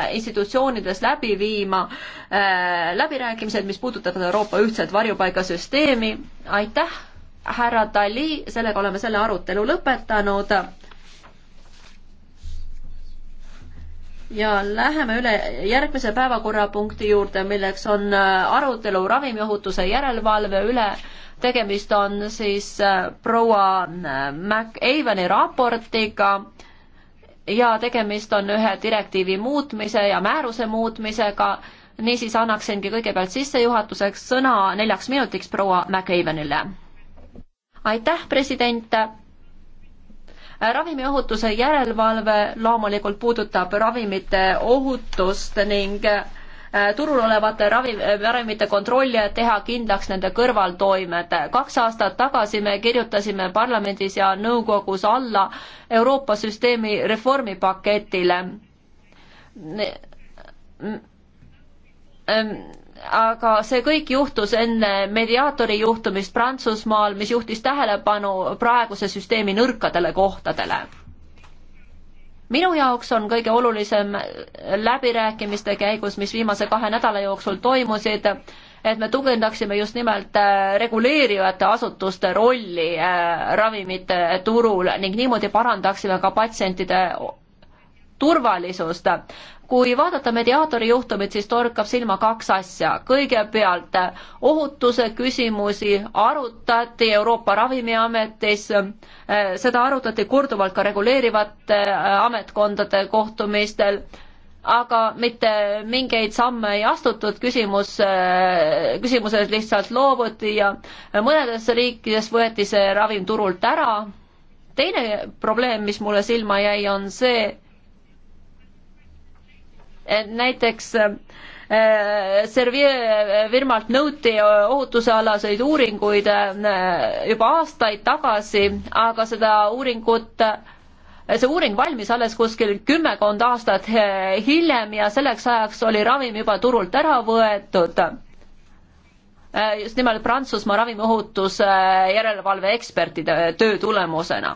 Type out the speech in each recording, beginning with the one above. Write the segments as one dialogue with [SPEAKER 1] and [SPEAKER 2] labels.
[SPEAKER 1] Äh, institutsioonides läbi viima äh, läbirääkimised, mis puudutavad Euroopa ühtset varjupaigasüsteemi. aitäh, härra Dali, sellega oleme selle arutelu lõpetanud. ja läheme üle järgmise päevakorrapunkti juurde, milleks on äh, arutelu ravimiohutuse järelevalve üle tegemist on siis proua McAveni raportiga ja tegemist on ühe direktiivi muutmise ja määruse muutmisega, niisiis annaksingi kõigepealt sissejuhatuseks sõna neljaks minutiks proua McAvenile. aitäh, president! ravimiohutuse järelevalve loomulikult puudutab ravimite ohutust ning äh, Äh, turul olevate ravimite kontrolli ja teha kindlaks nende kõrvaltoimed. kaks aastat tagasi me kirjutasime parlamendis ja nõukogus alla Euroopa süsteemi reformipaketile. aga see kõik juhtus enne mediaatori juhtumist Prantsusmaal, mis juhtis tähelepanu praeguse süsteemi nõrkadele kohtadele minu jaoks on kõige olulisem läbirääkimiste käigus, mis viimase kahe nädala jooksul toimusid, et me tugevdaksime just nimelt äh, reguleerivate asutuste rolli äh, ravimite turul ning niimoodi parandaksime ka patsientide turvalisust. kui vaadata mediaatori juhtumit, siis torkab silma kaks asja. kõigepealt ohutuse küsimusi arutati Euroopa Ravimiametis, seda arutati korduvalt ka reguleerivate äh, ametkondade kohtumistel aga mitte mingeid samme ei astutud, küsimus, äh, küsimuses lihtsalt loobuti ja mõnedes riikides võeti see ravim turult ära. teine probleem, mis mulle silma jäi, on see, näiteks äh, Servier firmalt nõuti ohutusealaseid uuringuid äh, juba aastaid tagasi, aga seda uuringut see uuring valmis alles kuskil kümmekond aastat äh, hiljem ja selleks ajaks oli ravim juba turult ära võetud Äh, just nimelt Prantsusmaa ravimiohutuse järelevalve ekspertide äh, töö tulemusena.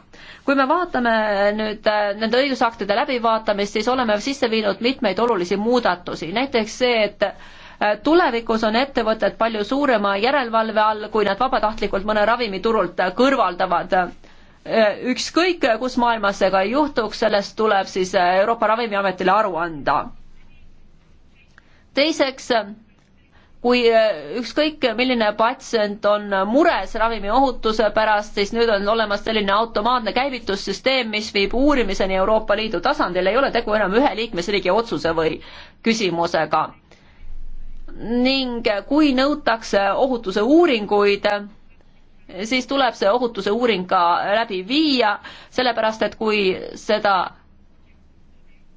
[SPEAKER 1] kui me vaatame äh, nüüd nende õigusaktide läbivaatamist, siis oleme sisse viinud mitmeid olulisi muudatusi, näiteks see, et tulevikus on ettevõtted palju suurema järelevalve all, kui nad vabatahtlikult mõne ravimi turult kõrvaldavad ükskõik, kus maailmas see ka ei juhtuks, sellest tuleb siis Euroopa Ravimiametile aru anda. teiseks kui äh, ükskõik milline patsient on mures ravimi ohutuse pärast, siis nüüd on olemas selline automaatne käivitussüsteem, mis viib uurimiseni Euroopa Liidu tasandil, ei ole tegu enam ühe liikmesriigi otsuse või küsimusega. ning äh, kui nõutakse ohutuse uuringuid, siis tuleb see ohutuse uuring ka läbi viia, sellepärast et kui seda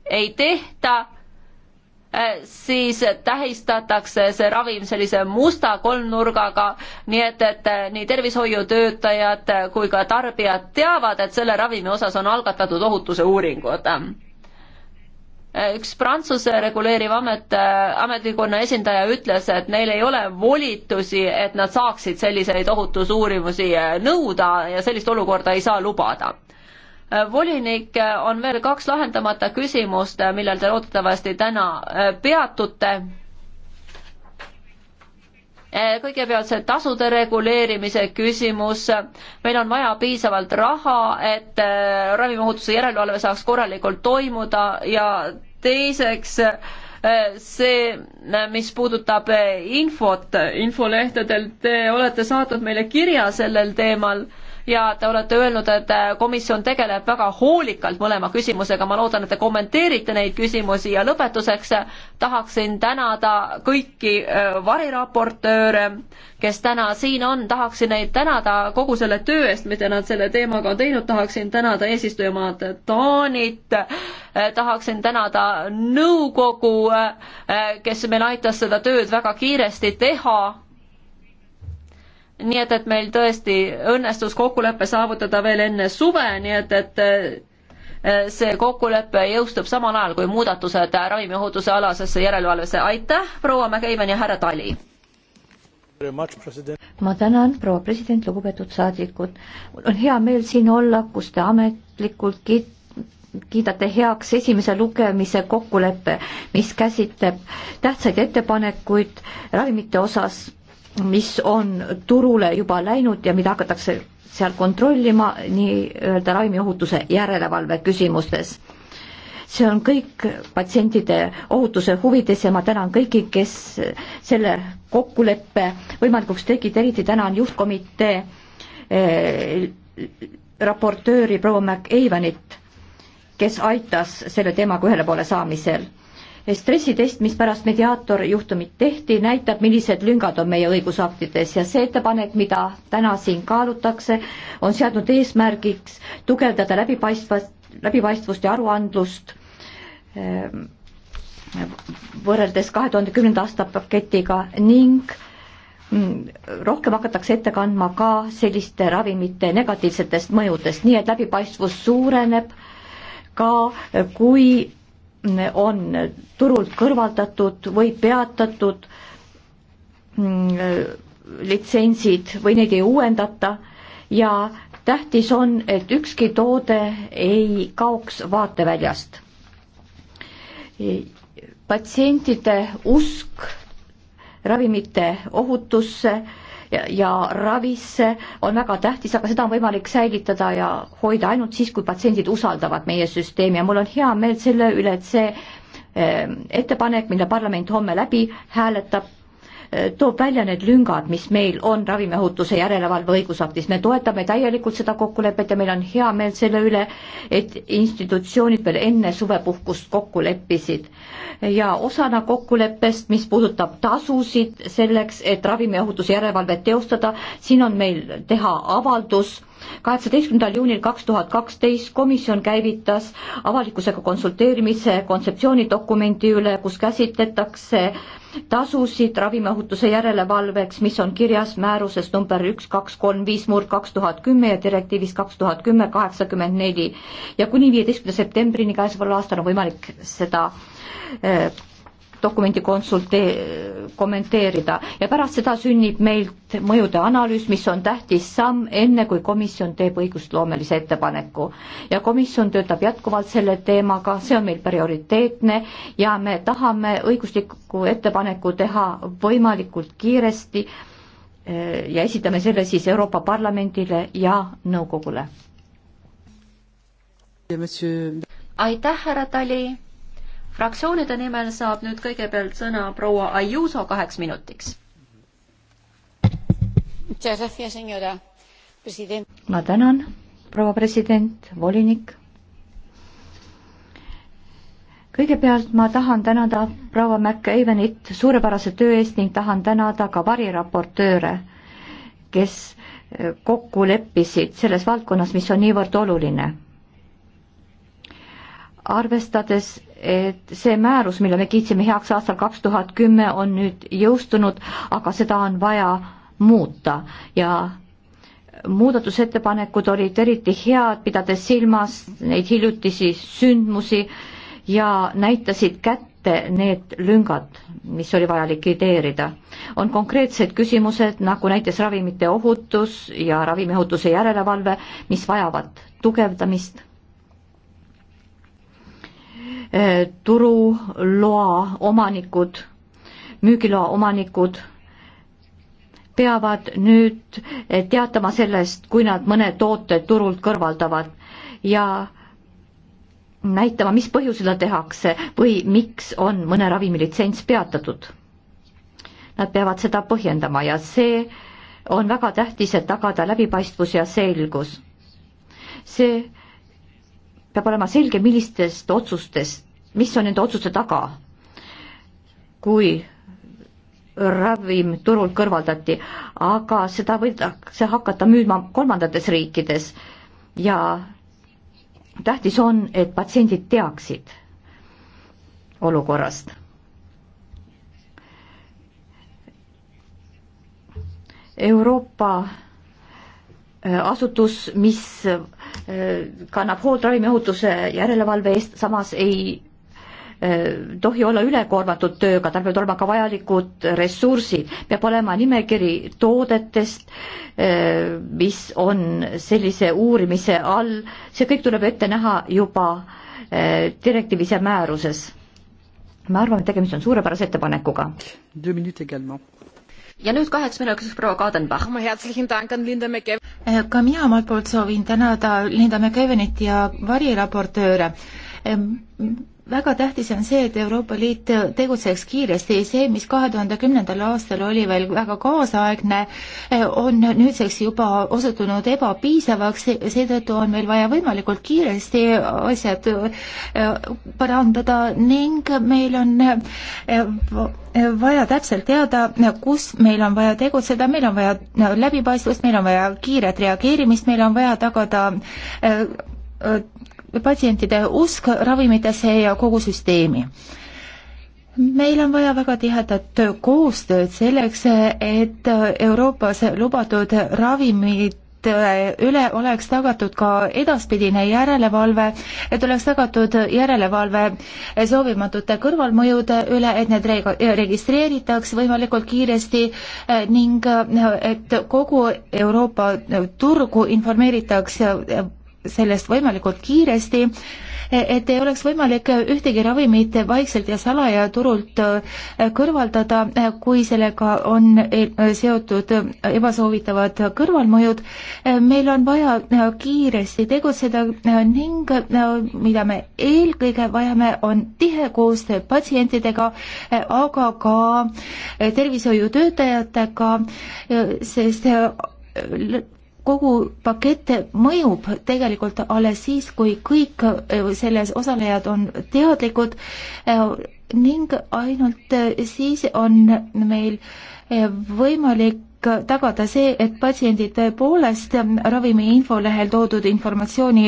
[SPEAKER 1] ei tehta, Äh, siis tähistatakse see ravim sellise musta kolmnurgaga, nii et, et äh, nii tervishoiutöötajad kui ka tarbijad teavad, et selle ravimi osas on algatatud ohutuse uuringud äh, üks Prantsuse reguleeriv amet, ametikonna esindaja ütles, et neil ei ole volitusi, et nad saaksid selliseid ohutusuurimusi nõuda ja sellist olukorda ei saa lubada Äh, volinik, äh, on veel kaks lahendamata küsimust, äh, millel te loodetavasti täna peatute. kõigepealt see tasude reguleerimise küsimus. meil on vaja piisavalt raha, et ravimohutuse järelevalve saaks korralikult toimuda ja teiseks see, mis puudutab infot infolehtedel, te olete saatnud meile kirja sellel teemal ja te olete öelnud, et äh, komisjon tegeleb väga hoolikalt mõlema küsimusega, ma loodan, et te kommenteerite neid küsimusi ja lõpetuseks äh, tahaksin tänada kõiki äh, variraportööre, kes täna siin on, tahaksin neid tänada kogu selle töö eest, mida nad selle teemaga on teinud, tahaksin tänada eesistujamaad Taanit, tahaksin tänada nõukogu, kes meil aitas seda tööd väga kiiresti teha nii et, et meil tõesti õnnestus kokkulepe saavutada veel enne suve, nii et, et e, see kokkulepe jõustub samal ajal kui muudatused ravimiohutuse alasesse järelevalvesse. aitäh, proua McCaven ja härra Tali!
[SPEAKER 2] ma tänan, proua president, lugupeetud saadikud. mul on hea meel siin olla, kus te ametlikult kiit-, kiidate heaks esimese lugemise kokkuleppe, mis käsitleb tähtsaid ettepanekuid ravimite osas mis on turule juba läinud ja mida hakatakse seal kontrollima nii-öelda ravimiohutuse järelevalve küsimustes. see on kõik patsientide ohutuse huvides ja ma tänan kõiki, kes selle kokkuleppe võimalikuks tegid, eriti tänan juhtkomitee eh, raportööri proua McEvanit, kes aitas selle teemaga ühele poole saamisel stressitest, mispärast mediaator juhtumit tehti, näitab, millised lüngad on meie õigusaktides ja see ettepanek, mida täna siin kaalutakse, on seadnud eesmärgiks tugevdada läbipaistvat, läbipaistvust ja aruandlust ehm, võrreldes kahe tuhande kümnenda aasta paketiga ning mm, rohkem hakatakse ette kandma ka selliste ravimite negatiivsetest mõjudest, nii et läbipaistvus suureneb ka, kui on turult kõrvaldatud või peatatud mm, litsentsid või neid ei uuendata ja tähtis on, et ükski toode ei kaoks vaateväljast. patsientide usk ravimite ohutusse ja ravisse on väga tähtis, aga seda on võimalik säilitada ja hoida ainult siis, kui patsiendid usaldavad meie süsteemi ja mul on hea meel selle üle, et see ehm, ettepanek, mille parlament homme läbi hääletab, Äh, toob välja need lüngad, mis meil on ravimiohutuse järelevalve õigusaktis. me toetame täielikult seda kokkulepet ja meil on hea meel selle üle, et institutsioonid veel enne suvepuhkust kokku leppisid. ja osana kokkuleppest, mis puudutab tasusid selleks, et ravimiohutuse järelevalvet teostada, siin on meil teha avaldus kaheksateistkümnendal juunil kaks tuhat kaksteist komisjon käivitas avalikkusega konsulteerimise kontseptsioonidokumendi üle, kus käsitletakse tasusid ravimiohutuse järelevalveks, mis on kirjas määruses number üks, kaks, kolm, viis, murd kaks tuhat kümme ja direktiivis kaks tuhat kümme, kaheksakümmend neli. ja kuni viieteistkümnenda septembrini käesoleval aastal on võimalik seda äh, dokumendi konsulte-, kommenteerida ja pärast seda sünnib meilt mõjude analüüs, mis on tähtis samm, enne kui komisjon teeb õigusloomelise ettepaneku. ja komisjon töötab jätkuvalt selle teemaga, see on meil prioriteetne ja me tahame õigusliku ettepaneku teha võimalikult kiiresti eh, ja esitame selle siis Euroopa Parlamendile ja nõukogule.
[SPEAKER 1] aitäh, härra Tali fraktsioonide nimel saab nüüd kõigepealt sõna proua Ayuso kaheks minutiks.
[SPEAKER 2] ma tänan, proua president, volinik kõigepealt ma tahan tänada proua McAvenit suurepärase töö eest ning tahan tänada ka variraportööre, kes eh, kokku leppisid selles valdkonnas, mis on niivõrd oluline. arvestades et see määrus, mille me kiitsime heaks aastal kaks tuhat kümme, on nüüd jõustunud, aga seda on vaja muuta ja muudatusettepanekud olid eriti head, pidades silmas neid hiljutisi sündmusi ja näitasid kätte need lüngad, mis oli vaja likvideerida. on konkreetsed küsimused, nagu näiteks ravimite ohutus ja ravimiohutuse järelevalve, mis vajavad tugevdamist Eh, turuloa omanikud, müügiloa omanikud peavad nüüd eh, teatama sellest, kui nad mõne toote turult kõrvaldavad ja näitama, mis põhjusel seda tehakse või miks on mõne ravimi litsents peatatud. Nad peavad seda põhjendama ja see on väga tähtis, et tagada läbipaistvus ja selgus. see peab olema selge, millistest otsustest, mis on nende otsuste taga, kui ravim turult kõrvaldati, aga seda võidakse hakata müüma kolmandates riikides ja tähtis on, et patsiendid teaksid olukorrast. Euroopa Äh, asutus, mis äh, kannab hoolt ravimiohutuse järelevalve eest, samas ei äh, tohi olla ülekoormatud tööga, tal peavad olema ka vajalikud ressursid, peab olema nimekiri toodetest, mis on sellise uurimise all, see kõik tuleb ette näha juba direktiivis ja määruses. ma arvan, et tegemist on suurepärase ettepanekuga
[SPEAKER 3] ja nüüd kaheks minutiks proua Kadenbach. Äh, ka mina omalt poolt soovin tänada Linda McEvenit ja variraportööre ähm, väga tähtis on see, et Euroopa Liit tegutseks kiiresti, see, mis kahe tuhande kümnendal aastal oli veel väga kaasaegne, eh, on nüüdseks juba osutunud ebapiisavaks, seetõttu on meil vaja võimalikult kiiresti asjad eh, parandada ning meil on eh, vaja täpselt teada, kus meil on vaja tegutseda, meil on vaja läbipaistvust, meil on vaja kiiret reageerimist, meil on vaja tagada patsientide usk ravimitesse ja kogu süsteemi meil on vaja väga tihedat koostööd selleks, et Euroopas lubatud ravimid üle oleks tagatud ka edaspidine järelevalve, et oleks tagatud järelevalve soovimatute kõrvalmõjude üle, et need reg-, registreeritaks võimalikult kiiresti eh, ning eh, et kogu Euroopa turgu informeeritaks eh, sellest võimalikult kiiresti, et ei oleks võimalik ühtegi ravimit vaikselt ja salaja turult äh, kõrvaldada, äh, kui sellega on äh, seotud ebasoovitavad kõrvalmõjud. meil on vaja kiiresti tegutseda ning mida me eelkõige vajame, on tihe koostöö patsientidega, aga ka tervishoiutöötajatega, sest kogu pakett mõjub tegelikult alles siis, kui kõik äh, selles osalejad on teadlikud äh, ning ainult äh, siis on meil võimalik tagada see, et patsiendid tõepoolest ravimi infolehel toodud informatsiooni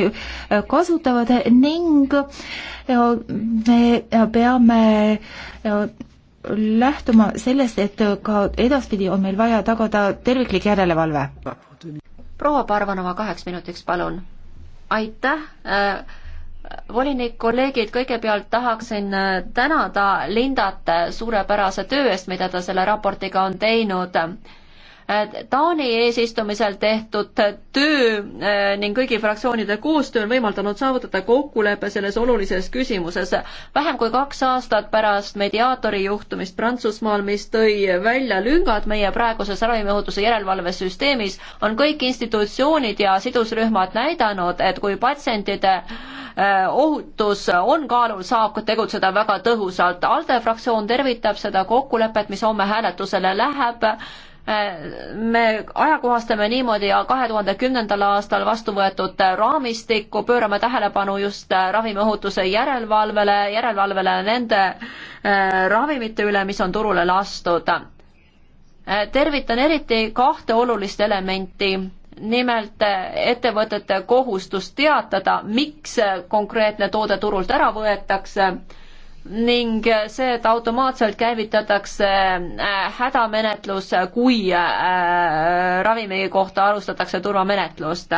[SPEAKER 3] kasutavad ning me peame lähtuma sellest, et ka edaspidi on meil vaja tagada terviklik järelevalve
[SPEAKER 1] proua Parvanova kaheks minutiks, palun. aitäh äh, volinik, kolleegid, kõigepealt tahaksin äh, tänada Lindat suurepärase töö eest, mida ta selle raportiga on teinud Äh, Taani eesistumisel tehtud töö äh, ning kõigi fraktsioonide koostöö on võimaldanud saavutada kokkuleppe selles olulises küsimuses. vähem kui kaks aastat pärast mediaatori juhtumist Prantsusmaal, mis tõi välja lüngad meie praeguses ravimiohutuse järelevalvesüsteemis, on kõik institutsioonid ja sidusrühmad näidanud, et kui patsientide äh, ohutus on kaalul, saab tegutseda väga tõhusalt. ALDE fraktsioon tervitab seda kokkulepet, mis homme hääletusele läheb me ajakohastame niimoodi kahe tuhande kümnendal aastal vastu võetud raamistikku, pöörame tähelepanu just ravimiohutuse järelevalvele, järelevalvele nende äh, ravimite üle, mis on turule lastud. Äh, tervitan eriti kahte olulist elementi, nimelt äh, ettevõtete kohustus teatada, miks konkreetne toode turult ära võetakse ning see, et automaatselt käivitatakse äh, hädamenetlus, kui äh, ravimi kohta alustatakse turvamenetlust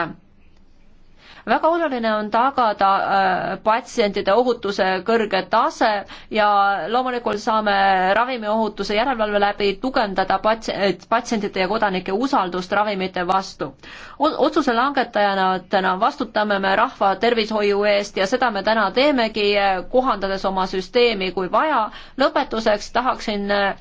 [SPEAKER 1] väga oluline on tagada äh, patsientide ohutuse kõrge tase ja loomulikult saame ravimiohutuse järelevalve läbi tugevdada patsientide ja kodanike usaldust ravimite vastu. otsuse langetajana täna vastutame me rahva tervishoiu eest ja seda me täna teemegi, kohandades oma süsteemi, kui vaja. lõpetuseks tahaksin äh,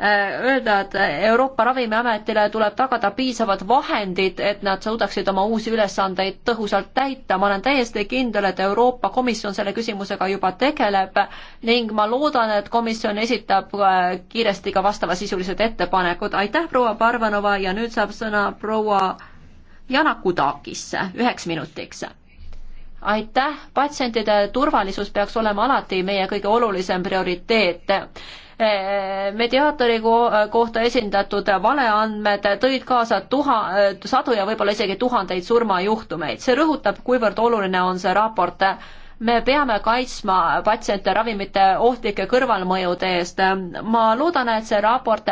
[SPEAKER 1] Äh, öelda, et Euroopa Ravimiametile tuleb tagada piisavad vahendid, et nad suudaksid oma uusi ülesandeid tõhusalt täita. ma olen täiesti kindel, et Euroopa Komisjon selle küsimusega juba tegeleb ning ma loodan, et komisjon esitab äh, kiiresti ka vastavasisulised ettepanekud. aitäh, proua Parvanova ja nüüd saab sõna proua Janakudakis üheks minutiks aitäh, patsientide turvalisus peaks olema alati meie kõige olulisem prioriteet Eh, mediaatori kohta esindatud valeandmed tõid kaasa tuha, eh, sadu ja võib-olla isegi tuhandeid surmajuhtumeid. see rõhutab, kuivõrd oluline on see raport me peame kaitsma patsiente ravimite ohtlike kõrvalmõjude eest. ma loodan, et see raport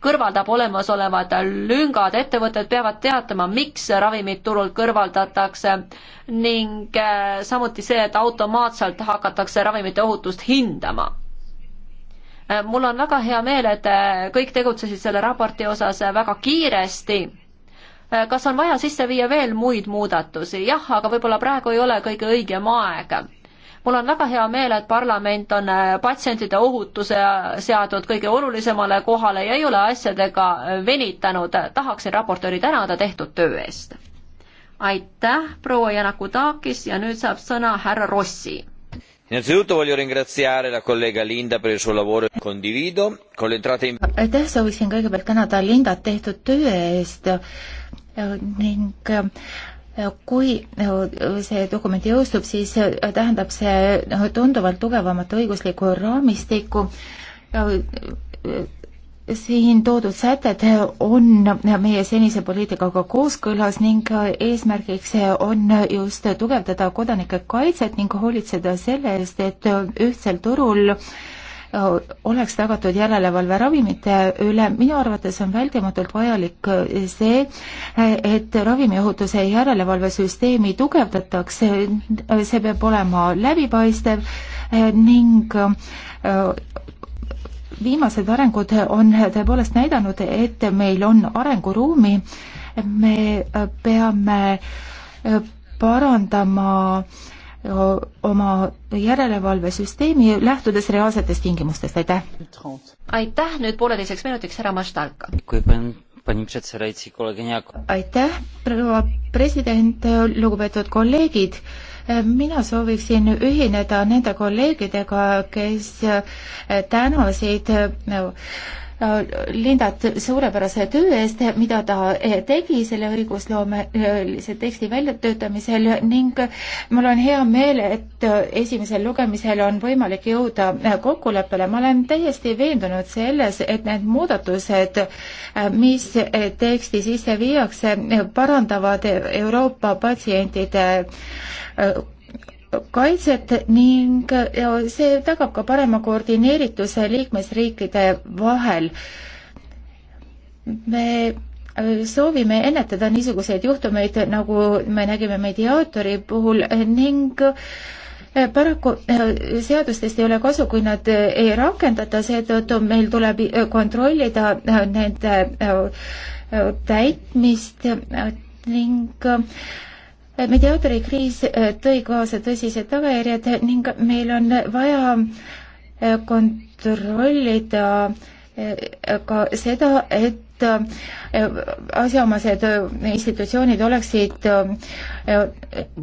[SPEAKER 1] kõrvaldab olemasolevad lüngad, ettevõtted peavad teatama, miks ravimid turult kõrvaldatakse ning eh, samuti see, et automaatselt hakatakse ravimite ohutust hindama Äh, mul on väga hea meel, et äh, kõik tegutsesid selle raporti osas äh, väga kiiresti. kas on vaja sisse viia veel muid muudatusi? jah, aga võib-olla praegu ei ole kõige õigem aeg mul on väga hea meel, et parlament on patsientide ohutuse seadnud kõige olulisemale kohale ja ei ole asjadega venitanud. tahaksin raportööri tänada tehtud töö eest. aitäh, proua Janakutakis ja nüüd saab sõna härra Rossi
[SPEAKER 2] innanzitutto voglio ringraziare la collega Linda per il suo lavoro condivido con l'entrata in
[SPEAKER 3] aitäh, sooviksin kõigepealt tänada Lindat tehtud töö eest äh, ning äh, kui äh, see dokument jõustub, siis tähendab see tunduvalt tugevamat õiguslikku raamistikku siin toodud sätted on meie senise poliitikaga kooskõlas ning eesmärgiks on just tugevdada kodanike kaitset ning hoolitseda selle eest, et ühtsel turul oleks tagatud järelevalve ravimite üle, minu arvates on vältimatult vajalik see, et ravimiohutuse järelevalvesüsteemi tugevdatakse, see peab olema läbipaistev ning viimased arengud on tõepoolest näidanud, et meil on arenguruumi, me peame äh, parandama äh, oma järelevalvesüsteemi, lähtudes reaalsetest tingimustest, aitäh! aitäh, nüüd pooleteiseks minutiks härra Maštalka. aitäh, proua president, lugupeetud kolleegid, mina sooviksin ühineda nende kolleegidega, kes tänasid no, Lindat suurepärase töö eest, mida ta eh, tegi selle õigusloomelise eh, teksti väljatöötamisel ning mul on hea meel, et eh, esimesel lugemisel on võimalik jõuda kokkuleppele. ma olen täiesti veendunud selles, et need muudatused, mis teksti sisse viiakse, parandavad Euroopa patsientide kaitset ning see tagab ka parema koordineerituse liikmesriikide vahel. me äh, soovime ennetada niisuguseid juhtumeid, nagu me nägime mediaatori puhul ning äh, paraku äh, seadustest ei ole kasu, kui nad ei rakendata, seetõttu meil tuleb kontrollida nende täitmist ning mediaatorikriis äh, tõi kaasa tõsised tagajärjed ning meil on vaja äh, kontrollida äh, ka seda, et asjaomased institutsioonid oleksid,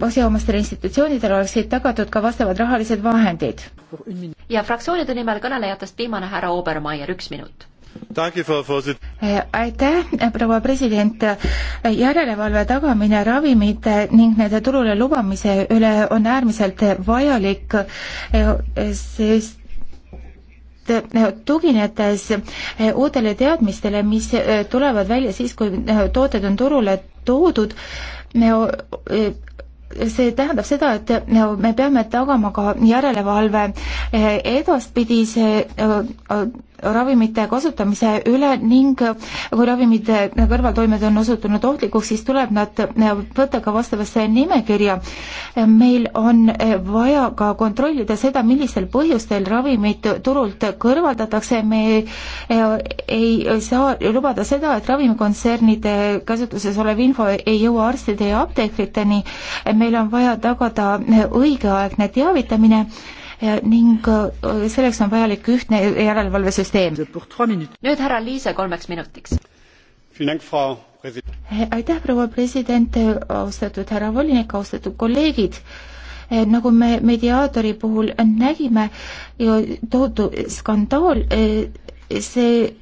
[SPEAKER 3] asjaomastel institutsioonidel oleksid tagatud ka vastavad rahalised vahendid.
[SPEAKER 1] ja fraktsioonide nimel kõnelejatest
[SPEAKER 3] viimane härra Obermeier, üks minut aitäh, proua president. järelevalve tagamine ravimite ning nende turule lubamise üle on äärmiselt vajalik, sest tuginedes uutele teadmistele, mis tulevad välja siis, kui tooted on turule toodud, see tähendab seda, et me peame tagama ka järelevalve edaspidise äh, äh, ravimite kasutamise üle ning kui ravimite kõrvaltoimed on osutunud ohtlikuks, siis tuleb nad võtta ka vastavasse nimekirja. meil on vaja ka kontrollida seda, millistel põhjustel ravimid turult kõrvaldatakse, me äh, ei saa lubada seda, et ravimikontsernide käsutuses olev info ei jõua arstide ja apteekriteni, meil on vaja tagada eh, õigeaegne teavitamine eh, ning eh, selleks on vajalik ühtne järelevalvesüsteem. nüüd härra Liise kolmeks minutiks. aitäh, proua president, austatud härra volinik, austatud kolleegid nagu me mediaatori puhul nägime, tohutu skandaal, see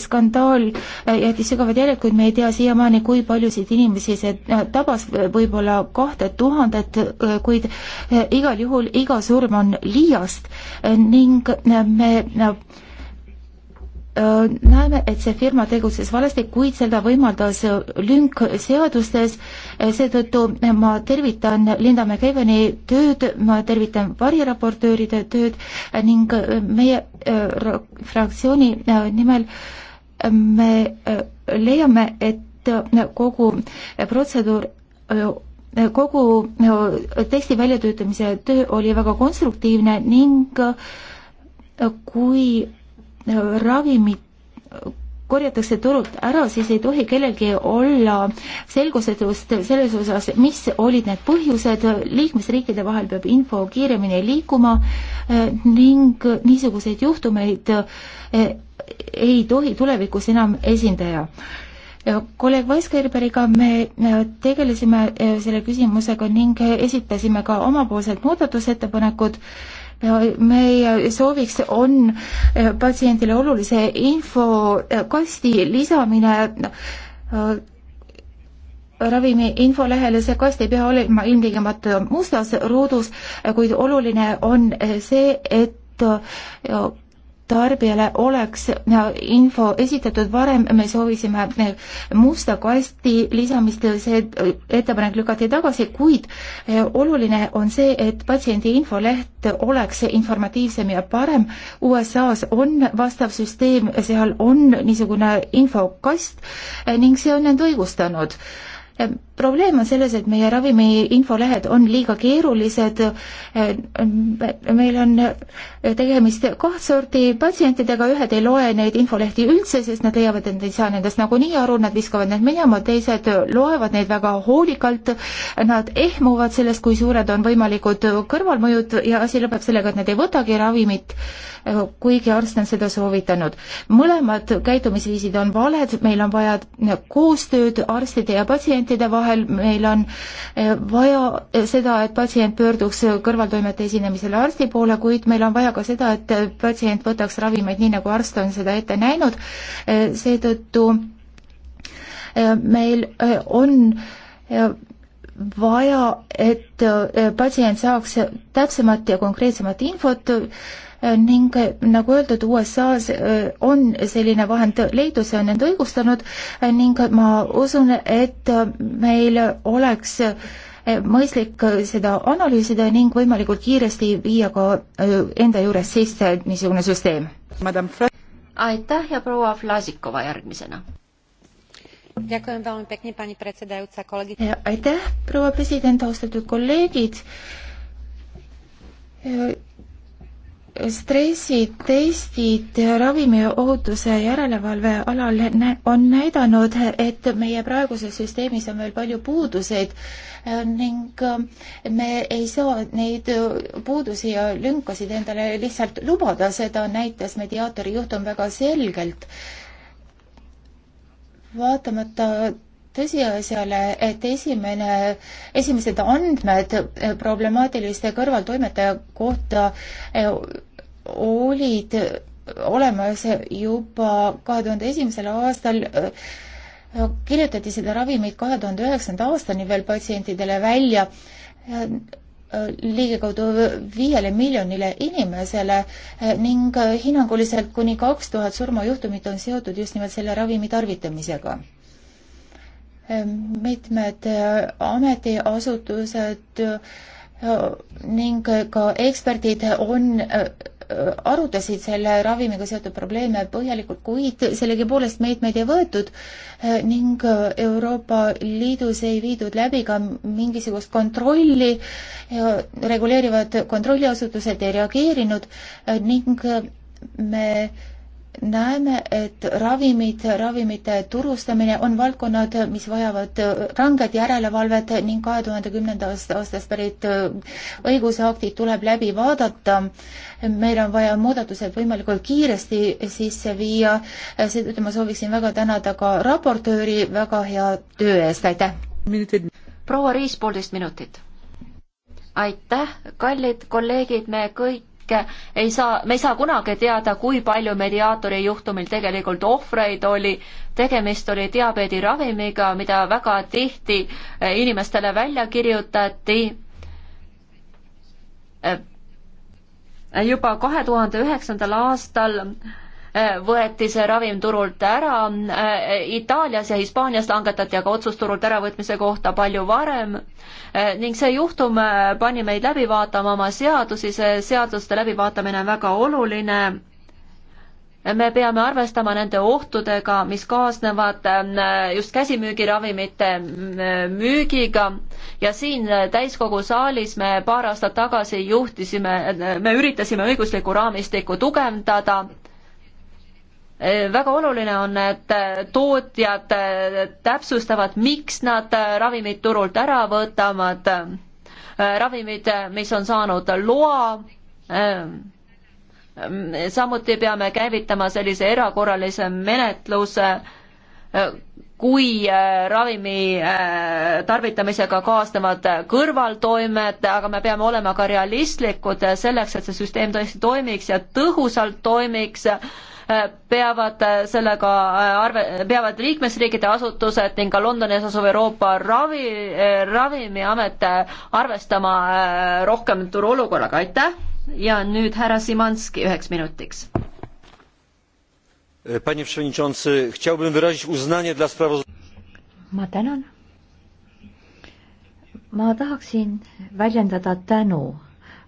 [SPEAKER 3] skandaal äh, jättis sügavad jäljed, kuid me ei tea siiamaani, kui paljusid inimesi see äh, tabas, võib-olla kahte tuhandet, äh, kuid igal juhul iga surm on liiast ning me Äh, näeme, et see firma tegutses valesti, kuid seda võimaldas äh, lünk seadustes, äh, seetõttu ma tervitan Lindamäe Keveni tööd, ma tervitan variraportööride tööd ning meie fraktsiooni nimel me leiame, et kogu protseduur kogu teksti väljatöötamise töö oli väga konstruktiivne ning kui ravimid korjatakse turult ära, siis ei tohi kellelgi olla selgusetust selles osas, mis olid need põhjused, liikmesriikide vahel peab info kiiremini liikuma eh, ning niisuguseid juhtumeid eh, ei tohi tulevikus enam esindaja. kolleeg Vaiskerberiga me tegelesime eh, selle küsimusega ning esitasime ka omapoolsed muudatusettepanekud meie sooviks on eh, patsiendile olulise infokasti lisamine eh, ravimi infolehele, see kast ei pea olema ilmtingimata mustas ruudus, eh, kuid oluline on see, et tarbijale oleks äh, info esitatud varem, me soovisime äh, musta kasti lisamist, äh, see ettepanek lükati tagasi, kuid oluline on see, et patsiendi infoleht oleks informatiivsem ja parem. USA-s on vastav süsteem, seal on niisugune infokast ning see on end õigustanud probleem on selles, et meie ravimi infolehed on liiga keerulised, meil on tegemist kaht sorti patsientidega, ühed ei loe neid infolehti üldse, sest nad leiavad, et nad ei saa nendest nagunii aru, nad viskavad need minema, teised loevad neid väga hoolikalt, nad ehmuvad sellest, kui suured on võimalikud kõrvalmõjud ja asi lõpeb sellega, et nad ei võtagi ravimit, kuigi arst on seda soovitanud. mõlemad käitumisviisid on valed, meil on vaja koostööd arstide ja patsientide vahel, vahel, meil on eh, vaja eh, seda, et patsient pöörduks kõrvaltoimete esinemisel arsti poole, kuid meil on vaja ka seda, et patsient võtaks ravimeid nii, nagu arst on seda ette näinud, eh, seetõttu meil on vaja, et äh, patsient saaks täpsemat ja konkreetsemat infot äh, ning äh, nagu öeldud, USA-s on selline vahend leidus, see on end õigustanud ning ma usun, et meil oleks mõistlik seda analüüsida ning võimalikult kiiresti viia ka enda juures sisse niisugune süsteem.
[SPEAKER 1] aitäh ja proua Vlasikova järgmisena
[SPEAKER 3] aitäh, proua president, austatud kolleegid. Äh, stressitestid ravimiohutuse järelevalve alal on näidanud, et meie praeguses süsteemis on veel palju puuduseid äh, ning äh, me ei saa neid puudusi ja lünkasid endale lihtsalt lubada, seda näitas mediaatori juhtum väga selgelt vaatamata tõsiasjale, et esimene, esimesed andmed problemaatiliste kõrvaltoimete kohta e, olid olemas juba kahe tuhande esimesel aastal, e, kirjutati seda ravimit kahe tuhande üheksanda aastani veel patsientidele välja ligikaudu viiele miljonile inimesele eh, ning eh, hinnanguliselt kuni kaks tuhat surmajuhtumit on seotud just nimelt selle ravimi tarvitamisega. Eh, mitmed ametiasutused ning ka eksperdid on arutasid selle ravimiga seotud probleeme põhjalikult, kuid sellegipoolest meetmeid ei võetud ning Euroopa Liidus ei viidud läbi ka mingisugust kontrolli, reguleerivad kontrolliasutused ei reageerinud ning me näeme, et ravimid, ravimite turustamine on valdkonnad, mis vajavad äh, ranget järelevalvet ning kahe tuhande kümnenda aasta, aastast pärit äh, õigusaktid tuleb läbi vaadata. meil on vaja muudatused võimalikult kiiresti sisse viia, äh, seetõttu ma sooviksin väga tänada ka raportööri väga hea töö eest, aitäh! proua Riis, poolteist minutit.
[SPEAKER 1] aitäh, kallid kolleegid, me kõik ei saa, me ei saa kunagi teada, kui palju mediaatori juhtumil tegelikult ohvreid oli. tegemist oli diabeediravimiga, mida väga tihti eh, inimestele välja kirjutati. Eh, juba kahe tuhande üheksandal aastal võeti see ravim turult ära. Itaalias ja Hispaanias langetati aga otsus turult äravõtmise kohta palju varem ning see juhtum äh, pani meid läbi vaatama oma seadusi, see seaduste läbivaatamine on väga oluline me peame arvestama nende ohtudega, mis kaasnevad äh, just käsimüügiravimite äh, müügiga ja siin täiskogu saalis me paar aastat tagasi juhtisime, me üritasime õiguslikku raamistikku tugevdada Äh, väga oluline on, et äh, tootjad äh, täpsustavad, miks nad ravimid turult ära võtavad, ravimid, mis on saanud loa, samuti peame käivitama sellise erakorralise menetluse, kui ravimi tarvitamisega kaasnevad kõrvaltoimed, aga me peame olema ka realistlikud selleks, et see süsteem tõesti toimiks ja tõhusalt toimiks Äh, peavad äh, sellega äh, arve, peavad liikmesriikide asutused ning ka Londonis asuv Euroopa ravi, ravimiamet arvestama rohkem turuolukorraga, aitäh! ja nüüd härra Simanski üheks minutiks.
[SPEAKER 2] Panie przewodniczący, chciałbym wyrazić uznanie dla sprawozdania. ma tänan. ma tahaksin väljendada tänu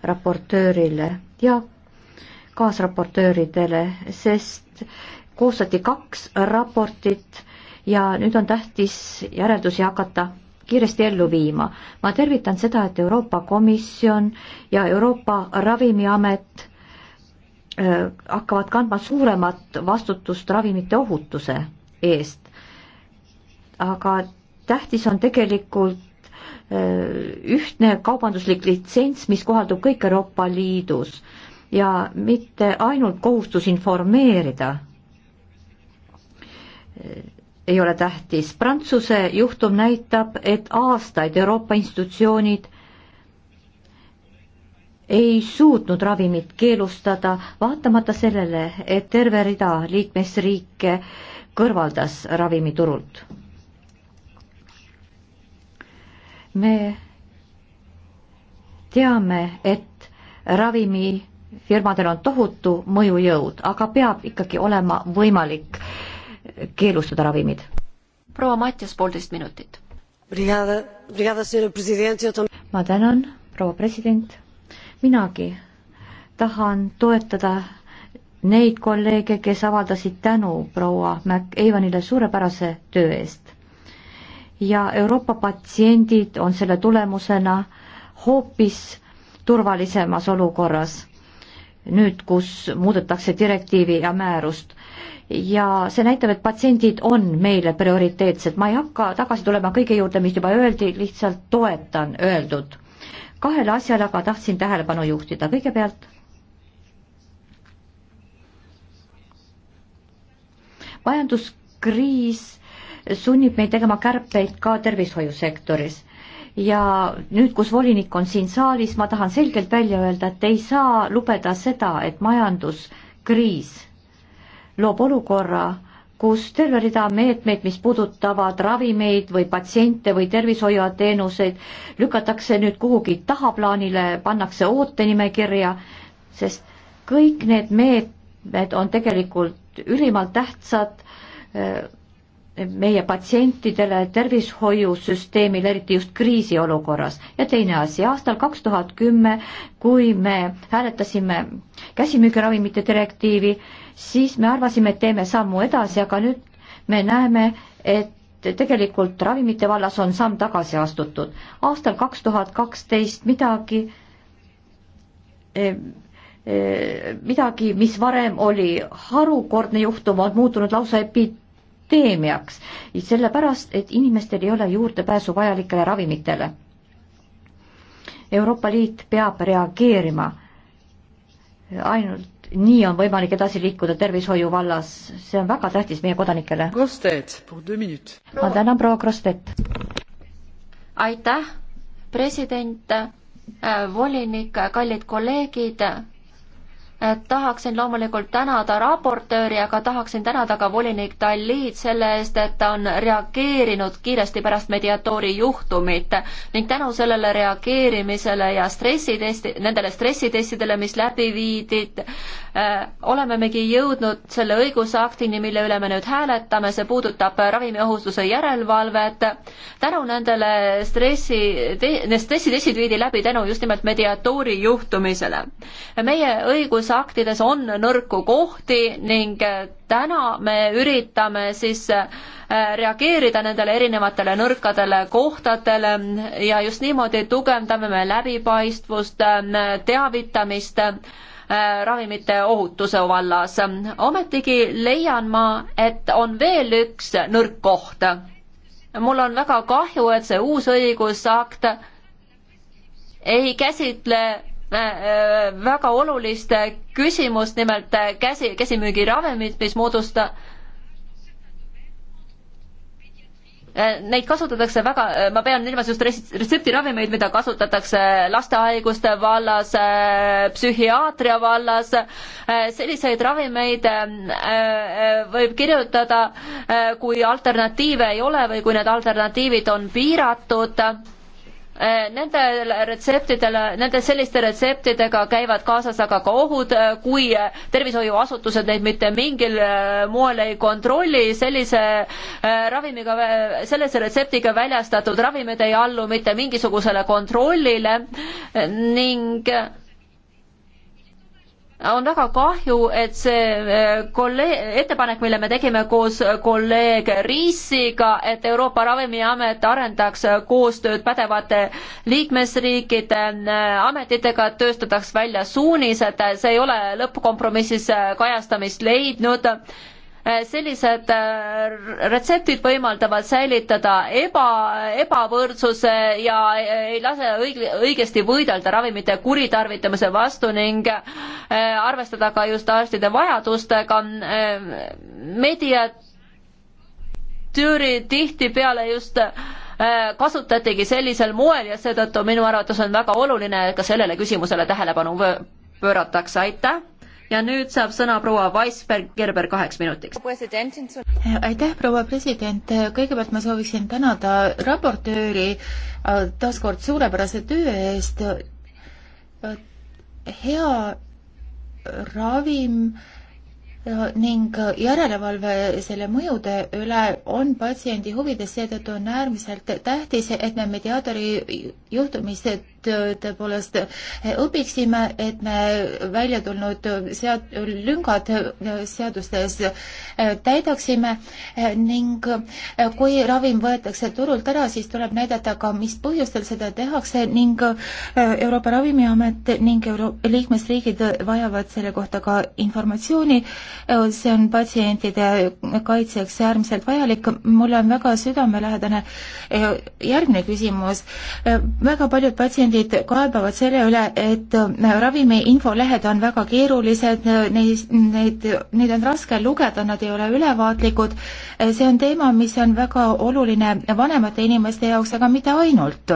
[SPEAKER 2] raportöörile ja kaasraportööridele, sest koostati kaks raportit ja nüüd on tähtis järeldusi hakata kiiresti ellu viima. ma tervitan seda, et Euroopa Komisjon ja Euroopa Ravimiamet äh, hakkavad kandma suuremat vastutust ravimite ohutuse eest. aga tähtis on tegelikult äh, ühtne kaubanduslik litsents, mis kohaldub kõik Euroopa Liidus ja mitte ainult kohustus informeerida ei ole tähtis. Prantsuse juhtum näitab, et aastaid Euroopa institutsioonid ei suutnud ravimit keelustada, vaatamata sellele, et terve rida liikmesriike kõrvaldas ravimiturult. me teame, et ravimi firmadel on tohutu mõjujõud, aga peab ikkagi olema võimalik keelustada ravimid. proua Matjas,
[SPEAKER 1] poolteist minutit.
[SPEAKER 2] ma tänan, proua president. minagi tahan toetada neid kolleege, kes avaldasid tänu proua McEvanile suurepärase töö eest. ja Euroopa patsiendid on selle tulemusena hoopis turvalisemas olukorras nüüd, kus muudetakse direktiivi ja määrust. ja see näitab, et patsiendid on meile prioriteetsed, ma ei hakka tagasi tulema kõige juurde, mis juba öeldi, lihtsalt toetan öeldud. kahele asjale aga tahtsin tähelepanu juhtida, kõigepealt majanduskriis sunnib meid tegema kärpeid ka tervishoiusektoris ja nüüd, kus volinik on siin saalis, ma tahan selgelt välja öelda, et ei saa lubeda seda, et majanduskriis loob olukorra, kus terve rida meetmeid, mis puudutavad ravimeid või patsiente või tervishoiuteenuseid, lükatakse nüüd kuhugi tahaplaanile, pannakse ootenimekirja, sest kõik need meetmed on tegelikult ülimalt tähtsad meie patsientidele tervishoiusüsteemil, eriti just kriisiolukorras. ja teine asi, aastal kaks tuhat kümme, kui me hääletasime käsimüügiravimite direktiivi, siis me arvasime, et teeme sammu edasi, aga nüüd me näeme, et tegelikult ravimite vallas on samm tagasi astutud. aastal kaks tuhat kaksteist midagi eh, eh, midagi, mis varem oli harukordne juhtum, on muutunud lausa epi-, pandeemiaks, sellepärast et inimestel ei ole juurdepääsu vajalikele ravimitele. Euroopa Liit peab reageerima. ainult nii on võimalik edasi liikuda tervishoiu vallas, see on väga tähtis meie kodanikele. ma tänan, proua Krostet.
[SPEAKER 1] aitäh, president, äh, volinik, kallid kolleegid Äh, tahaksin loomulikult tänada raportööri, aga tahaksin tänada ka volinik Talliid selle eest, et ta on reageerinud kiiresti pärast mediatoori juhtumit ning tänu sellele reageerimisele ja stressitesti, nendele stressitestidele, mis läbi viidid äh,, oleme megi jõudnud selle õigusaktini, mille üle me nüüd hääletame, see puudutab ravimiohutuse järelevalvet. tänu nendele stressi, need stressitestid viidi läbi tänu just nimelt mediatoori juhtumisele. meie õigus õigusaktides on nõrku kohti ning äh, täna me üritame siis äh, reageerida nendele erinevatele nõrkadele kohtadele ja just niimoodi tugevdame me läbipaistvust, äh, teavitamist ravimite ohutuse vallas. ometigi leian ma, et on veel üks nõrk koht. mul on väga kahju, et see uus õigusakt ei käsitle Äh, väga olulist küsimust, nimelt käsi, käsimüügiravimid, mis moodusta-, äh, Neid kasutatakse väga, äh, ma pean silmas just retseptiravimeid, mida kasutatakse lastehaiguste vallas, psühhiaatria vallas. selliseid ravimeid võib kirjutada, kui alternatiive ei ole või kui need alternatiivid on piiratud Äh, Nendel retseptidel, nende selliste retseptidega käivad kaasas aga ka ohud, äh, kui äh, tervishoiuasutused neid mitte mingil moel ei kontrolli, sellise ravimiga, sellise retseptiga väljastatud ravimid ei allu mitte mingisugusele kontrollile ning on väga kahju, et see äh, kolleeg, ettepanek, mille me tegime koos kolleeg Riisiga, et Euroopa Ravimiamet arendaks koostööd pädevate liikmesriikide äh, ametitega, et tööstataks välja suunised, see ei ole lõppkompromissis äh, kajastamist leidnud Äh, sellised äh, retseptid võimaldavad säilitada eba, ebavõrdsuse ja äh, ei lase õig-, õigesti võidelda ravimite kuritarvitamise vastu ning arvestada ka just arstide vajadustega. mediatüüri tihtipeale just kasutatigi sellisel moel ja seetõttu minu arvates on väga oluline ka sellele küsimusele tähelepanu pööratakse, aitäh! ja nüüd saab sõna proua Weisberg-Gerber kaheks minutiks.
[SPEAKER 3] aitäh, proua president, kõigepealt ma sooviksin tänada raportööri äh, taaskord suurepärase töö eest, äh, hea ravim äh, ning järelevalve selle mõjude üle on patsiendi huvides, seetõttu on äärmiselt tähtis, et me mediaatori juhtumist et tõepoolest eh, õpiksime, et me välja tulnud sead-, lüngad eh, seadustes eh, täidaksime ning kui ravim võetakse turult ära, siis tuleb näidata ka, mis põhjustel seda tehakse ning Euroopa Ravimiamet ning Euro-, liikmesriigid vajavad selle kohta ka informatsiooni, see on patsientide kaitseks äärmiselt vajalik, mulle on väga südamelähedane järgmine küsimus, väga paljud patsiendid patsiendid kaebavad selle üle, et äh, ravimi infolehed on väga keerulised, äh, neid, neid, neid on raske lugeda, nad ei ole ülevaatlikud. Äh, see on teema, mis on väga oluline vanemate inimeste jaoks, aga mitte ainult.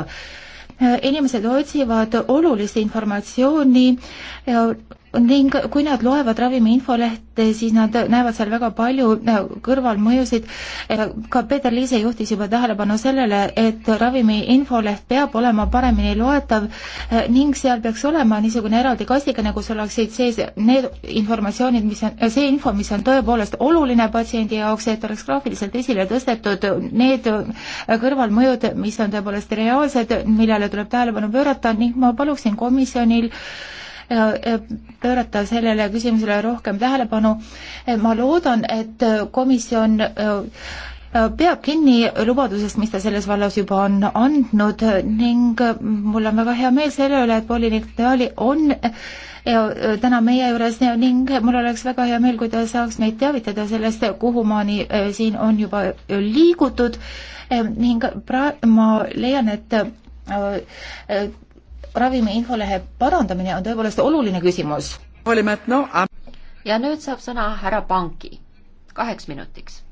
[SPEAKER 3] inimesed otsivad olulist informatsiooni ning kui nad loevad ravimi infolehte, siis nad näevad seal väga palju äh, kõrvalmõjusid. Äh, ka Peeter Liise juhtis juba tähelepanu sellele, et ravimi infoleht peab olema paremini loetav äh, ning seal peaks olema niisugune eraldi kastikene, nagu kus oleksid sees need informatsioonid, mis on, see info, mis on tõepoolest oluline patsiendi jaoks, et oleks graafiliselt esile tõstetud need kõrvalmõjud, mis on tõepoolest reaalsed, millele tuleb tähelepanu pöörata ning ma paluksin komisjonil äh, pöörata sellele küsimusele rohkem tähelepanu. E, ma loodan, et komisjon e, e, peab kinni lubadusest, mis ta selles vallas juba on andnud ning mul on väga hea meel selle üle, et volinik Dali on täna meie juures ning mul oleks väga hea meel, kui ta saaks meid teavitada sellest, kuhumaani siin on juba liigutud ning pra-, ma leian, et ravimi infolehe parandamine on tõepoolest oluline küsimus. ja nüüd saab sõna härra Panki kaheks minutiks.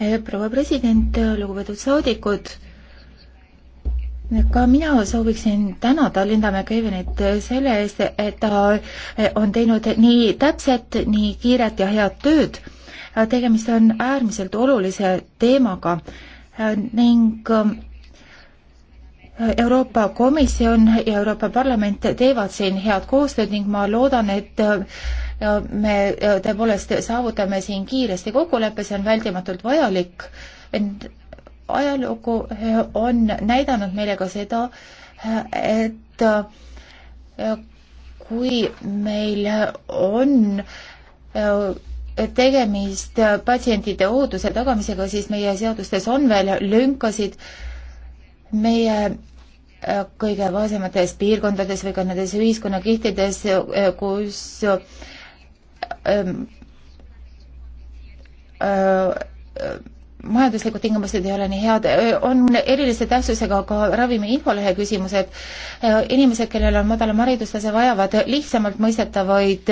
[SPEAKER 3] E, proua president, lugupeetud saadikud ka mina sooviksin tänada Linda McCavenit selle eest, et ta e, on teinud nii täpset, nii kiiret ja head tööd. tegemist on äärmiselt olulise teemaga Äh, ning äh, Euroopa Komisjon ja Euroopa Parlament teevad siin head koostööd ning ma loodan, et äh, me tõepoolest saavutame siin kiiresti kokkuleppe, see on vältimatult vajalik. ent ajalugu on näidanud meile ka seda, et kui meil on tegemist patsientide ootuse tagamisega, siis meie seadustes on veel lünkasid. meie äh, kõige vaesemates piirkondades või ka nendes ühiskonnakihtides, äh, kus ähm, äh, äh majanduslikud tingimused ei ole nii head, on erilise tähtsusega ka ravimi infolehe küsimused. inimesed, kellel on madalam haridustase, vajavad lihtsamalt mõistetavaid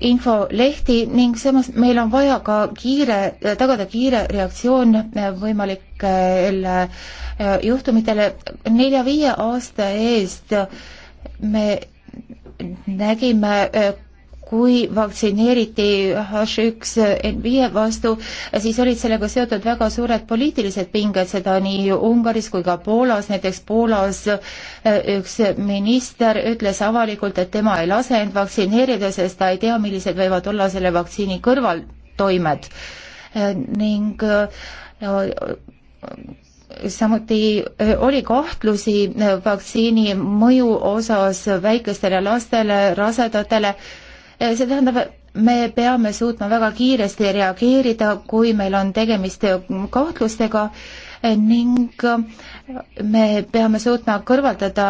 [SPEAKER 3] infolehti ning samas meil on vaja ka kiire, tagada kiire reaktsioon võimalikele juhtumitele. nelja-viie aasta eest me nägime kui vaktsineeriti H1N5 vastu, siis olid sellega seotud väga suured poliitilised pinged, seda nii Ungaris kui ka Poolas, näiteks Poolas e, üks minister ütles avalikult, et tema ei lase end vaktsineerida, sest ta ei tea, millised võivad olla selle vaktsiini kõrvaltoimed e, ning e, samuti oli kahtlusi vaktsiini mõju osas väikestele lastele, rasedatele Eh, see tähendab, me peame suutma väga kiiresti reageerida, kui meil on tegemist eh, kahtlustega eh, ning me peame suutma kõrvaldada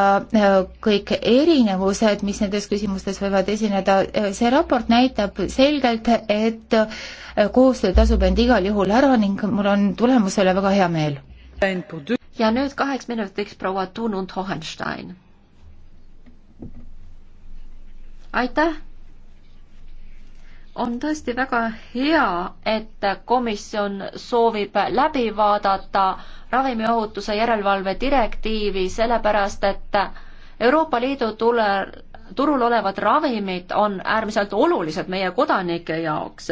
[SPEAKER 3] kõik erinevused, mis nendes küsimustes võivad esineda. see raport näitab selgelt, et koostöö tasub end igal juhul ära ning mul on tulemuse üle väga hea meel. ja
[SPEAKER 1] nüüd kaheks minutiks proua Tunund Hohenstein. aitäh on tõesti väga hea, et komisjon soovib läbi vaadata ravimiohutuse järelevalve direktiivi, sellepärast et Euroopa Liidu tule, turul olevad ravimid on äärmiselt olulised meie kodanike jaoks.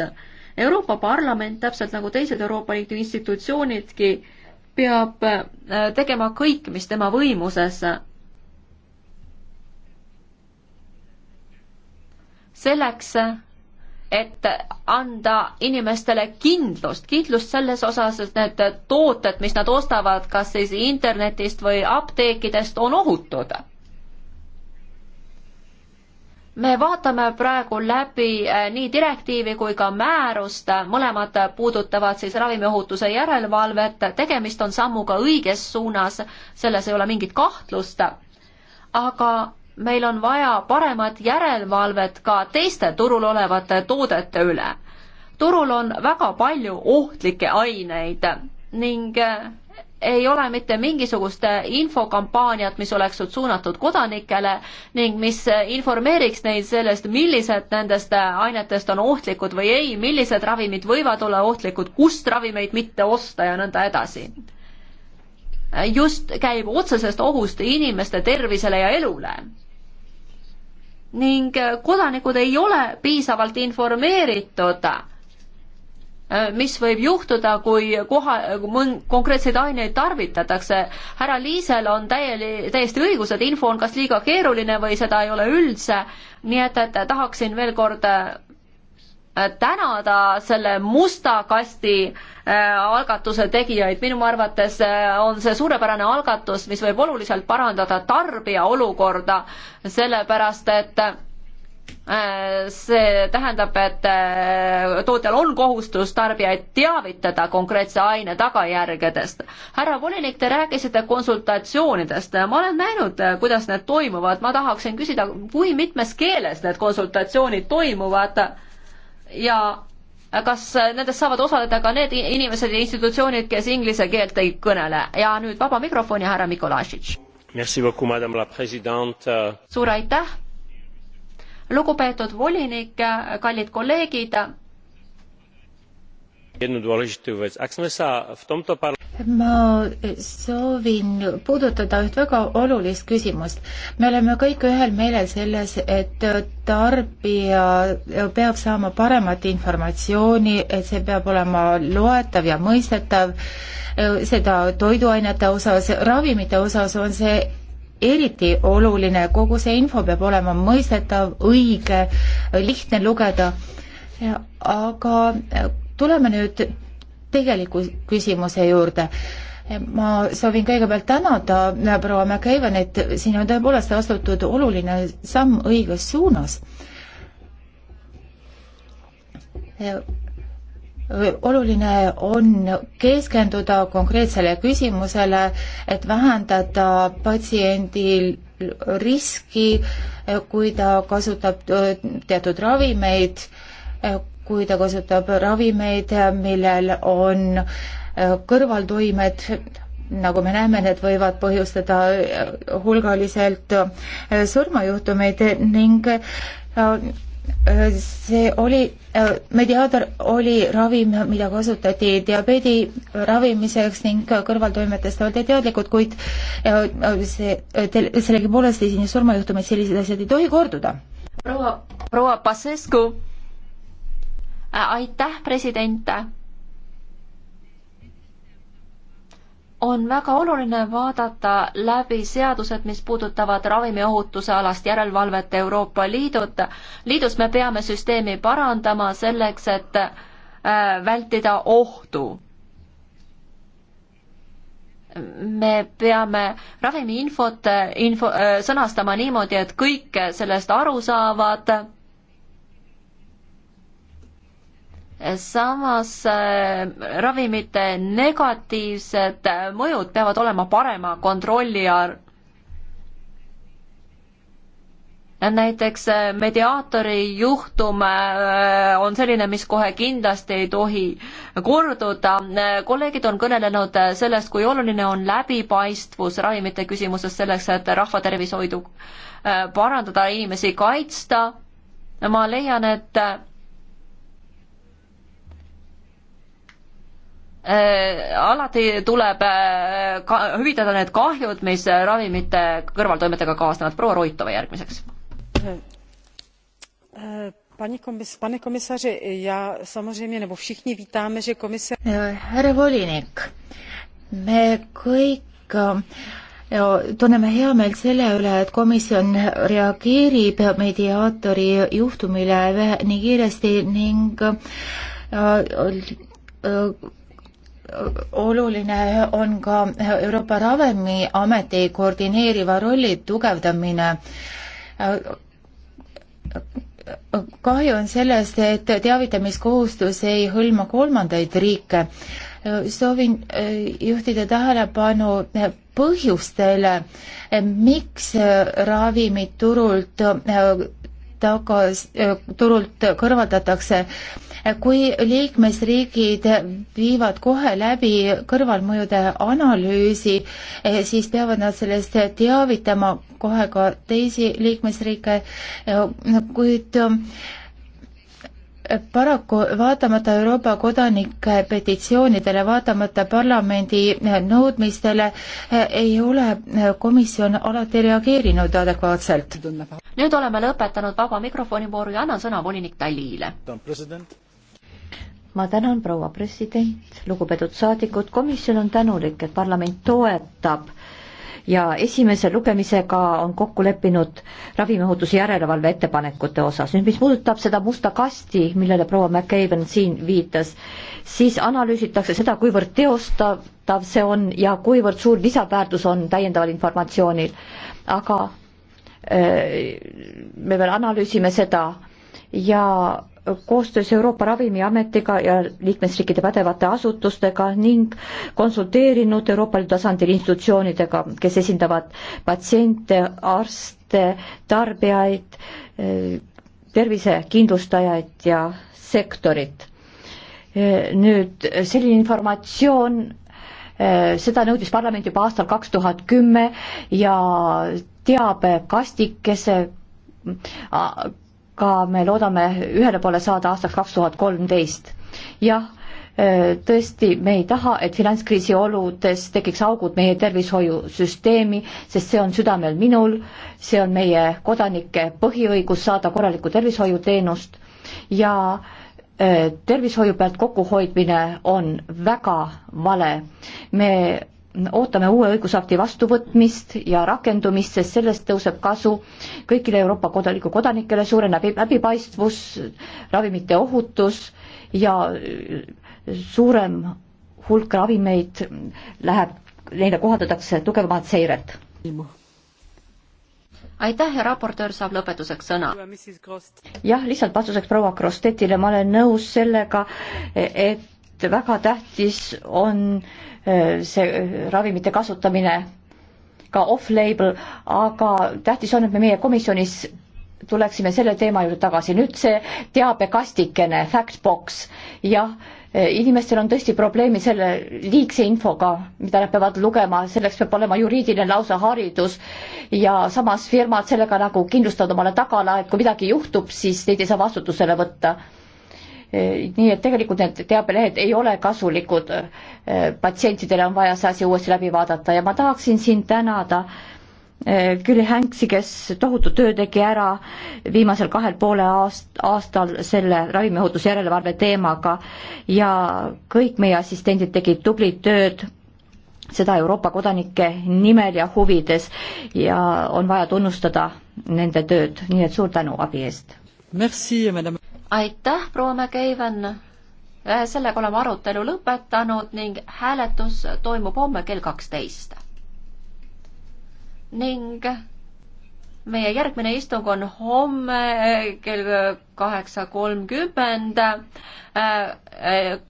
[SPEAKER 1] Euroopa Parlament, täpselt nagu teised Euroopa Liidu institutsioonidki, peab äh, tegema kõik, mis tema võimuses selleks, et anda inimestele kindlust, kindlust selles osas, et need tooted, mis nad ostavad, kas siis internetist või apteekidest, on ohutud me vaatame praegu läbi eh, nii direktiivi kui ka määrust, mõlemad puudutavad siis ravimiohutuse järelevalvet, tegemist on sammuga õiges suunas, selles ei ole mingit kahtlust, aga meil on vaja paremat järelevalvet ka teiste turul olevate toodete üle. turul on väga palju ohtlikke aineid ning eh, ei ole mitte mingisugust eh, infokampaaniat, mis oleks suunatud kodanikele ning mis eh, informeeriks neid sellest, millised nendest ainetest on ohtlikud või ei, millised ravimid võivad olla ohtlikud, kust ravimeid mitte osta ja nõnda edasi just käib otsesest ohust inimeste tervisele ja elule. ning äh, kodanikud ei ole piisavalt informeeritud, äh, mis võib juhtuda, kui koha, mõn-, konkreetseid aineid tarvitatakse. härra Liisel on täieli, täiesti õigus, et info on kas liiga keeruline või seda ei ole üldse, nii et, et tahaksin veel kord äh, Äh, tänada selle musta kasti äh, algatuse tegijaid, minu arvates äh, on see suurepärane algatus, mis võib oluliselt parandada tarbija olukorda, sellepärast et see tähendab, et tootjal on kohustus tarbijaid teavitada konkreetse aine tagajärgedest. härra volinik, te rääkisite konsultatsioonidest, ma olen näinud, kuidas need toimuvad, ma tahaksin küsida, kui mitmes keeles need konsultatsioonid toimuvad ja kas nendest saavad osaleda ka need inimesed ja institutsioonid, kes inglise keelt ei kõnele ja nüüd vaba mikrofoni härra Mikolašič. suur aitäh, lugupeetud volinik, kallid kolleegid.
[SPEAKER 2] jednu dôležitú vec. Ak sme sa v tomto par-
[SPEAKER 3] ma soovin puudutada üht väga olulist küsimust. me oleme kõik ühel meelel selles, et tarbija peab saama paremat informatsiooni, et see peab olema loetav ja mõistetav, seda toiduainete osas, ravimite osas on see eriti oluline, kogu see info peab olema mõistetav, õige, lihtne lugeda, aga tuleme nüüd tegeliku küsimuse juurde ma soovin kõigepealt tänada äh, proua McCaven, et siin on tõepoolest astutud oluline samm õiges suunas. Äh, oluline on keskenduda konkreetsele küsimusele, et vähendada patsiendil riski, äh, kui ta kasutab teatud ravimeid kui ta kasutab ravimeid, millel on äh, kõrvaltoimed, nagu me näeme, need võivad põhjustada äh, hulgaliselt äh, surmajuhtumeid ning see oli, mediaator oli ravim, mida kasutati diabeedi ravimiseks ning kõrvaltoimetest oldi teadlikud, kuid see, sellegipoolest esines surmajuhtumeid, sellised asjad ei tohi korduda.
[SPEAKER 1] proua, proua Pasescu aitäh, president! on väga oluline vaadata läbi seadused, mis puudutavad ravimiohutuse alast järelevalvet Euroopa Liidut. liidus me peame süsteemi parandama selleks, et äh, vältida ohtu. me peame ravimiinfot info, äh, sõnastama niimoodi, et kõik sellest aru saavad samas äh, ravimite negatiivsed mõjud peavad olema parema kontrolli all näiteks äh, mediaatori juhtum äh, on selline, mis kohe kindlasti ei tohi korduda. kolleegid on kõnelenud sellest, kui oluline on läbipaistvus ravimite küsimuses selleks, et rahvatervishoidu parandada, inimesi kaitsta. ma leian, et Äh, alati tuleb äh, ka hüvitada need kahjud, mis äh, ravimite kõrvaltoimetega kaasnevad. proua Roitova järgmiseks.
[SPEAKER 2] Pane komisaři, já samozřejmě, nebo všichni
[SPEAKER 3] vítáme, že komise... Härra volinik, me kõik ja tunneme heameelt selle üle, et komisjon reageerib mediaatori juhtumile nii kiiresti ning ja, ja, oluline on ka Euroopa Ravimiameti koordineeriva rolli tugevdamine. kahju on sellest, et teavitamiskohustus ei hõlma kolmandaid riike. soovin eh, juhtida tähelepanu põhjustele, eh, miks eh, ravimid turult tagas, turult kõrvaldatakse kui liikmesriigid viivad kohe läbi kõrvalmõjude analüüsi, eh, siis peavad nad sellest teavitama kohe ka teisi liikmesriike, eh, kuid eh, paraku vaatamata Euroopa kodanike petitsioonidele, vaatamata parlamendi nõudmistele, ei ole komisjon alati reageerinud adekvaatselt. nüüd oleme lõpetanud
[SPEAKER 1] vaba mikrofoni vooru ja annan sõna volinik Talile
[SPEAKER 3] ma tänan,
[SPEAKER 2] proua president, lugupeetud saadikud, komisjon on tänulik, et parlament toetab ja esimese lugemisega on kokku leppinud ravimiohutuse järelevalve ettepanekute osas. nüüd mis puudutab seda musta kasti, millele proua McCaven siin viitas, siis analüüsitakse seda, kuivõrd teostatav see on ja kuivõrd suur lisaväärtus on täiendaval informatsioonil. aga äh, me veel analüüsime seda ja koostöös Euroopa Ravimiametiga ja liikmesriikide pädevate asutustega ning konsulteerinud Euroopa Liidu tasandil institutsioonidega, kes esindavad patsiente, arste, tarbijaid, tervisekindlustajaid ja sektorit. nüüd selline informatsioon, seda nõudis parlament juba aastal kaks tuhat kümme ja teabekastikese ka me loodame ühele poole saada aastaks kaks tuhat kolmteist. jah, e, tõesti, me ei taha, et finantskriisi oludes tekiks augud meie tervishoiusüsteemi, sest see on südamel minul, see on meie kodanike põhiõigus saada korralikku tervishoiuteenust ja e, tervishoiu pealt kokkuhoidmine on väga vale. me ootame uue õigusakti vastuvõtmist ja rakendumist, sest sellest tõuseb kasu kõigile Euroopa kodaniku kodanikele, suureneb läbipaistvus, ravimite ohutus ja äh, suurem hulk ravimeid läheb, neile kohaldatakse tugevamat seiret.
[SPEAKER 1] aitäh ja raportöör saab lõpetuseks sõna.
[SPEAKER 2] jah, lihtsalt vastuseks proua Krostetile, ma olen nõus sellega, e, et et väga tähtis on äh, see äh, ravimite kasutamine ka off-label, aga tähtis on, et me meie komisjonis tuleksime selle teema juurde tagasi. nüüd see teabekastikene, fact box, jah, äh, inimestel on tõesti probleemi selle liigse infoga, mida nad peavad lugema, selleks peab olema juriidiline lausa haridus ja samas firmad sellega nagu kindlustavad omale tagala, et kui midagi juhtub, siis neid ei saa vastutusele võtta nii et tegelikult need teabelehed ei ole kasulikud, patsientidele on vaja see asi uuesti läbi vaadata ja ma tahaksin siin tänada Külli eh, Hänksi, kes tohutu töö tegi ära viimasel kahel poole aast-, aastal selle ravimiohutuse järelevalve teemaga ja kõik meie assistendid tegid tublit tööd, seda Euroopa kodanike nimel ja huvides ja on vaja tunnustada nende tööd, nii et suur tänu abi eest! Merci, madame
[SPEAKER 1] aitäh, proua McCaven. Äh, sellega oleme arutelu lõpetanud ning hääletus toimub homme kell kaksteist. ning meie järgmine istung on homme kell kaheksa kolmkümmend. Äh, äh,